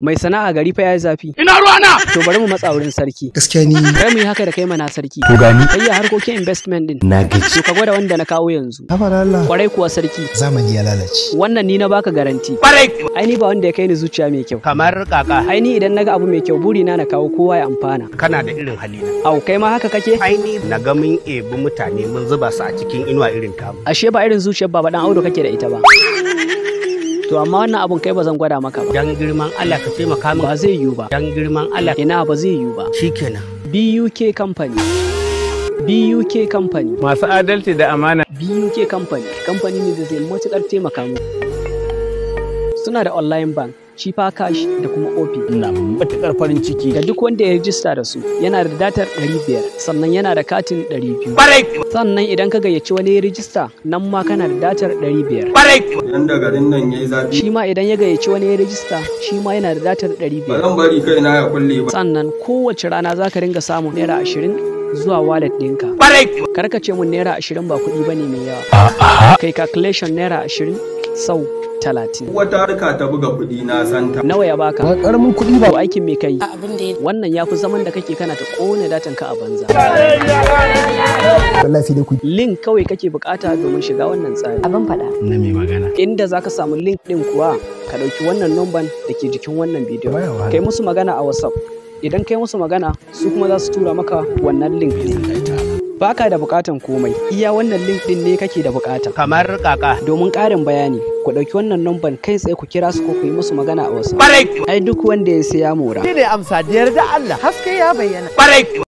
mai sana'a gari fa yayi zafi ina ruwana to bari mu matsa wurin sarki gaskiya ni kai mu yi haka da kai mana sarki to gani kai ya harkokin investment din na gaji to ka gwada wanda na kawo yanzu Allah kwarai kuwa sarki zamani ya lalace wannan ni na baka garanti kwarai ai ni ba wanda ya kai ni zuciya mai kyau kamar kaka ai ni idan naga abu mai kyau buri na na kawo kowa ya amfana kana da irin halina au kai ma haka kake ai ni na ga mun ebi mutane mun zuba su a cikin inuwa irin kamu ashe ba irin zuciyar baba dan Audu kake da ita ba to amma wannan abun kai ba zan gwada maka ba dan girman Allah ka taimaka min ba zai yiwu ba dan girman Allah ina ba zai yiwu ba shikenan BUK company BUK company masu adalci da amana BUK company kamfani ne da zai matukar taimaka mu suna da online bank chipa Cash da kuma opi na matuƙar farin ciki. da duk wanda ya rijista da su yana da datar 500 sannan yana da katin 200. Sannan idan ka gayyaci wani ya rijista nan ma kana da datar 500. Idan garin nan zafi. Shi ma idan ya gayyaci wani ya rijista shi ma yana da datar 500. Ba zan bari kai na ya kulle ba. Sannan kowace rana za ka ringa samun naira 20 zuwa wallet ɗinka. Kar ka ce mun naira ashirin ba kuɗi ba ne mai yawa. Kai calculation naira ashirin sau talatin. Wata harka ta buga kuɗi na santa. Nawa ya baka? Ba ƙaramin kuɗi ba. Aikin me kai? Wannan ya fi zaman da kake kana ta ƙone datan ka a banza. Wallahi sai kuɗi. Link kawai kake buƙata domin shiga wannan tsari. Abin faɗa. Na mai magana. Inda za ka samu link ɗin kuwa ka ɗauki wannan nomban da ke jikin wannan bidiyo. Kai musu magana a WhatsApp. idan kai musu magana su kuma za su tura maka wannan link din baka da bukatan komai iya wannan link din ne kake da bukata kamar kaka domin karin bayani ku ɗauki wannan namban kai tsaye ku kira su ko ku yi musu magana a wasu ai duk wanda ya sai ya mora ne amsa da Allah haske ya bayyana